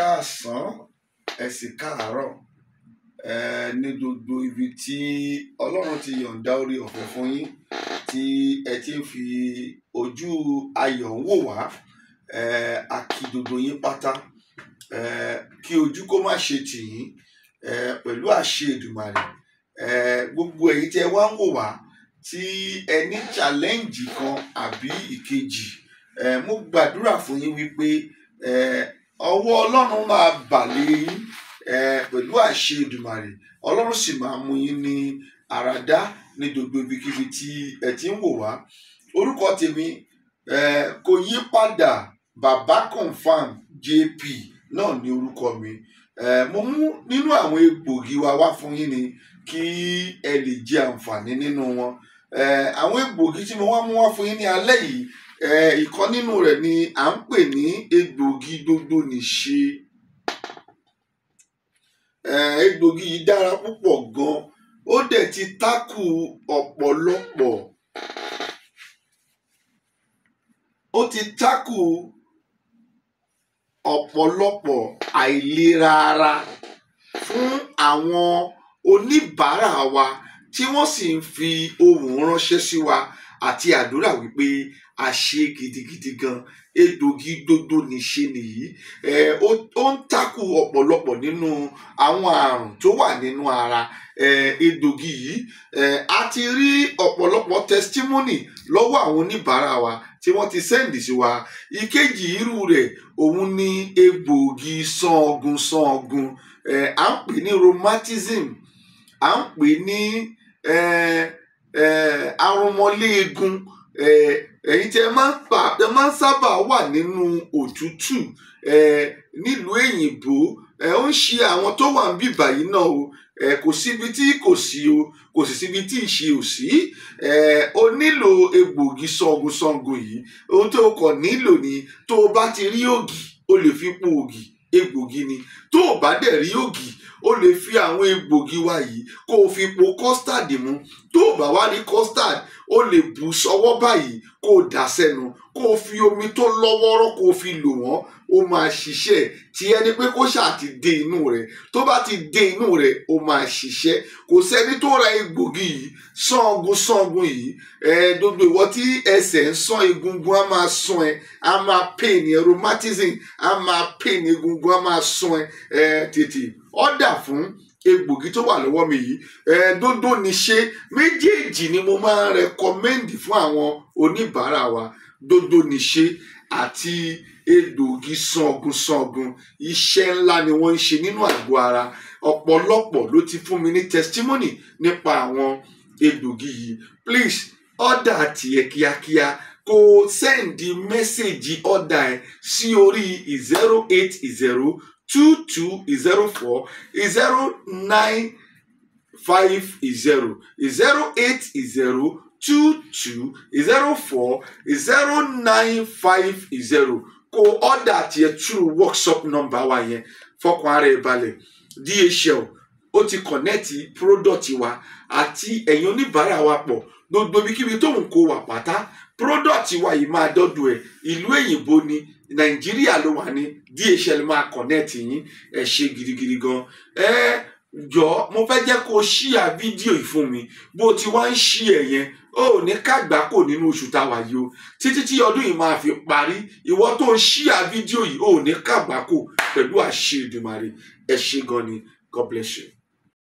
káàsán ẹ sì káàárọ̀ ẹ ní gbogbo ibi tí Ọlọ́run ti yọ̀ǹda orí ọ̀fẹ́ fún yín tí ẹ ti ń fi ojú ayọ̀ ń wò wá ẹ a kí gbogbo yín pátá ẹ kí ojú kó má ṣe tì yín pẹ̀lú àṣẹ Èdùmàrè gbogbo èyí tí ẹ wá ń wò wá tí ẹ ní challenge kan àbí ìkejì ẹ mo gbàdúrà fún yín wípé ọwọ́ ọlọ́run máa bà lé yín pẹ̀lú àṣẹ Èdùmàrè ọlọ́run sì máa mú yín ní àràdá ní gbogbo ibikíbi tí ẹ ti ń wò wá orúkọ tèmi kò yí padà bàbá confam jp náà ní orúkọ mi mo mú nínú àwọn egbògi wa wá fún yín ni kí ẹ lè jẹ àǹfààní nínú wọn àwọn egbògi tí mo wá mú wá fún yín ní alẹ́ yìí ìkan nínú rẹ̀ ni à ń pè ní egbògi gbogbo nìṣe egbògi yìí dára púpọ̀ gan ó dẹ̀ ti tákù ọ̀pọ̀lọpọ̀ ó ti tákù ọ̀pọ̀lọpọ̀ àìlera ara fún àwọn oníbàárà wa tí wọ́n sì ń fi ohùn ránṣẹ́ sí wa àti àdúrà wípé a ṣe gidigidi gan egbògi dodo níṣe nìyí ó ń takú ọ̀pọ̀lọpọ̀ nínú àwọn àrùn tó wà nínú ara egbògi yìí a ti rí ọ̀pọ̀lọpọ̀ testimony lọ́wọ́ àwọn oníbàárà wa tí wọ́n ti sẹ́ǹdì sí wa ìkejì irú rẹ̀ òun ni egbògi sangun sangun à ń pè ní rheumatism à ń pè ní. Eh, arúmọléegun èyí tí ẹ máa ń sábà wà nínú òtútù nílùú èyìnbó ó ń ṣe àwọn tó wà ń bì báyìí náà o kò síbi tí kò sí o kò sì síbi tí ìṣe ò sí o nílò egbògi sangunsangun yìí ohun tó o kàn nílò ni tó o bá ti rí ògì o lè fi po ògì egbògi ni tó o bá dẹ̀ rí ògì o lè fi àwọn egbògi wa yìí kó o fi po custard mu tó o bá wá ní custard o lè bù sọ́wọ́ báyìí kó o dà sẹ́nu kó o fi omi tó lọ́wọ́rọ́ kó o fi lò wọ́n o máa ṣiṣẹ́ tí ẹni pé kó ṣáà ti dé inú rẹ̀ tó bá ti dé inú rẹ̀ o máa ṣiṣẹ́ kò sẹ́ni tó ra egbògi yìí sangun sangun yìí ẹ gbogbo ìwọ tí ẹsẹ̀ ń sán egungun á máa sán ẹ á máa pain rheumatism á máa pain egungun á máa sán ẹ tètè ọ̀dà fún egbògi tó wà lọ́wọ́ mi yìí eh, dódó ni ṣe méjèèjì ni mo máa ń rẹkọmẹ́ndì fún àwọn oníbàárà wa dódó ni ṣe àti egbògi sangun sangun iṣẹ́ ńlá ni wọ́n ń ṣe nínú àgọ́ ara ọ̀pọ̀lọpọ̀ ló ti fún mi ní testimony nípa àwọn egbògi yìí please ọ̀dà tiẹ̀ kíákíá kó sẹ́ǹdì mẹ́sẹ̀gì ọ̀dà ẹ̀ sí orí zero eight zero two two is zero four is zero nine five is zero is zero eight is zero two two is zero four is zero nine five is zero kó ọ́dà tiẹ̀ through workshop number wa yẹn fọkàn ara ẹ̀ dhl ó ti kọ̀nẹ́ẹ̀tì product wa àti ẹ̀yin oníbàárà wa pọ̀ gbogbo ibikíbi tóun kó wa pátá product wa yìí máa dọ́dọ̀ ẹ̀ ìlú èyìnbó ni nàìjíríà ló wà ní DHL máa connect yín ẹ ṣe gidigidi gan ẹ jọ mo fẹ́ jẹ́ kó ṣíà fídíò yìí fún mi bó ti wá ń ṣí ẹ̀ yẹn ó ní kàgbákò nínú oṣù táwa yìí o títí tí ọdún yìí máa fi parí ìwọ tó ń ṣíà fídíò yìí ó ní kàgbákò pẹ̀lú àṣẹ Èdùmàrè ẹ ṣé gan ni God bless you.